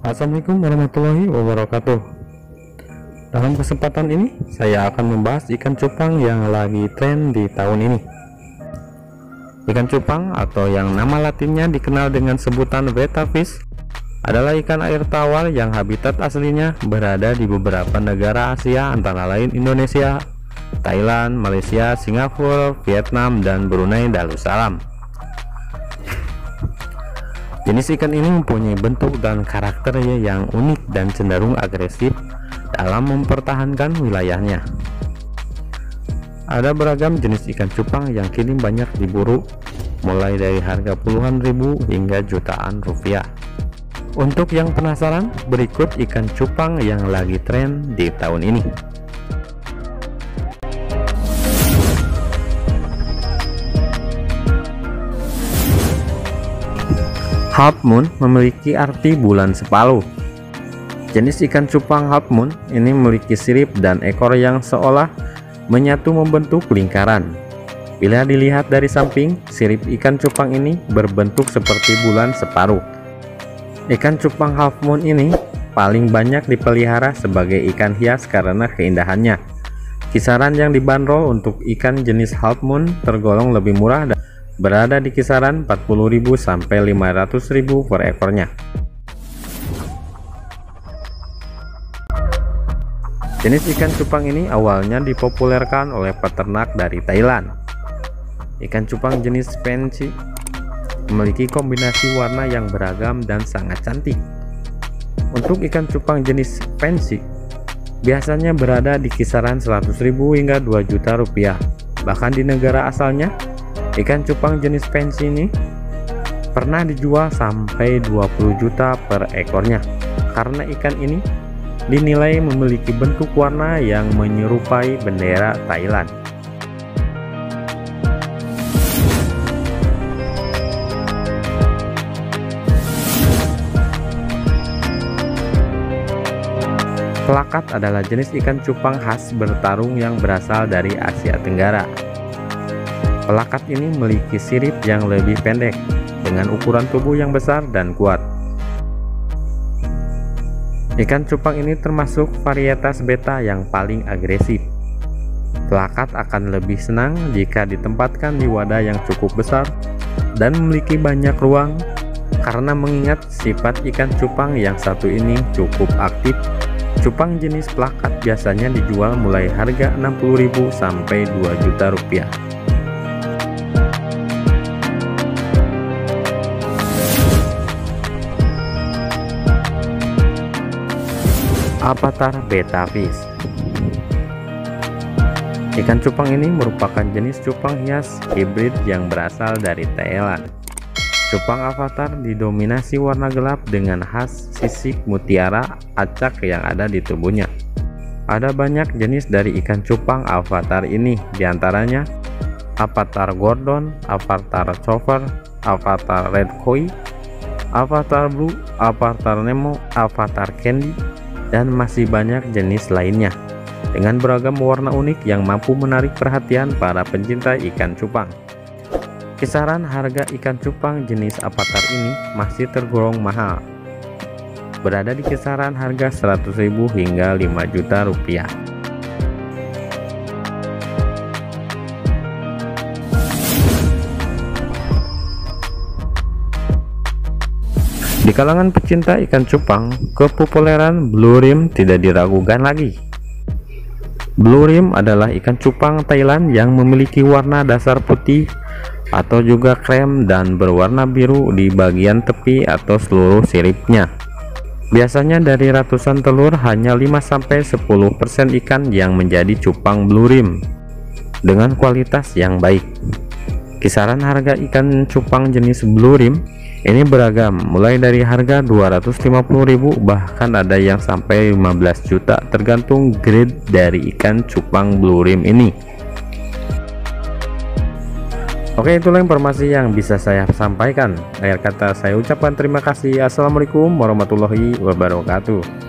Assalamualaikum warahmatullahi wabarakatuh Dalam kesempatan ini saya akan membahas ikan cupang yang lagi tren di tahun ini Ikan cupang atau yang nama latinnya dikenal dengan sebutan betta fish adalah ikan air tawar yang habitat aslinya berada di beberapa negara Asia antara lain Indonesia, Thailand, Malaysia, Singapura, Vietnam, dan Brunei Darussalam. Jenis ikan ini mempunyai bentuk dan karakter yang unik dan cenderung agresif dalam mempertahankan wilayahnya. Ada beragam jenis ikan cupang yang kini banyak diburu, mulai dari harga puluhan ribu hingga jutaan rupiah. Untuk yang penasaran, berikut ikan cupang yang lagi tren di tahun ini. Half Moon memiliki arti bulan separuh. Jenis ikan cupang Half Moon ini memiliki sirip dan ekor yang seolah menyatu membentuk lingkaran. Bila dilihat dari samping, sirip ikan cupang ini berbentuk seperti bulan separuh. Ikan cupang Half Moon ini paling banyak dipelihara sebagai ikan hias karena keindahannya. Kisaran yang dibanderol untuk ikan jenis Half Moon tergolong lebih murah dan berada di kisaran 40.000 sampai 500.000 per ekornya. Jenis ikan cupang ini awalnya dipopulerkan oleh peternak dari Thailand. Ikan cupang jenis fancy memiliki kombinasi warna yang beragam dan sangat cantik. Untuk ikan cupang jenis fancy biasanya berada di kisaran 100.000 hingga 2 juta rupiah. Bahkan di negara asalnya, Ikan cupang jenis pensi ini pernah dijual sampai 20 juta per ekornya karena ikan ini dinilai memiliki bentuk warna yang menyerupai bendera Thailand. Pelakat adalah jenis ikan cupang khas bertarung yang berasal dari Asia Tenggara, Pelakat ini memiliki sirip yang lebih pendek dengan ukuran tubuh yang besar dan kuat. Ikan cupang ini termasuk varietas beta yang paling agresif. Pelakat akan lebih senang jika ditempatkan di wadah yang cukup besar dan memiliki banyak ruang karena mengingat sifat ikan cupang yang satu ini cukup aktif Cupang jenis pelakat biasanya dijual mulai harga 60.000 sampai 2 juta rupiah. avatar betafish ikan cupang ini merupakan jenis cupang hias hibrid yang berasal dari Thailand cupang avatar didominasi warna gelap dengan khas sisik mutiara acak yang ada di tubuhnya ada banyak jenis dari ikan cupang avatar ini diantaranya avatar gordon, avatar chover, avatar red koi, avatar blue, avatar nemo, avatar candy, dan masih banyak jenis lainnya dengan beragam warna unik yang mampu menarik perhatian para pencinta ikan cupang. Kisaran harga ikan cupang jenis avatar ini masih tergolong mahal, berada di kisaran harga 100.000 hingga 5 juta rupiah. Di kalangan pecinta ikan cupang, kepopuleran blue rim tidak diragukan lagi. Blue rim adalah ikan cupang Thailand yang memiliki warna dasar putih atau juga krem dan berwarna biru di bagian tepi atau seluruh siripnya. Biasanya dari ratusan telur hanya 5-10% ikan yang menjadi cupang blue rim dengan kualitas yang baik. Kisaran harga ikan cupang jenis blue rim ini beragam, mulai dari harga 250.000 bahkan ada yang sampai 15 juta tergantung grade dari ikan cupang blue rim ini. Oke itulah informasi yang bisa saya sampaikan. Akhir kata saya ucapkan terima kasih. Assalamualaikum warahmatullahi wabarakatuh.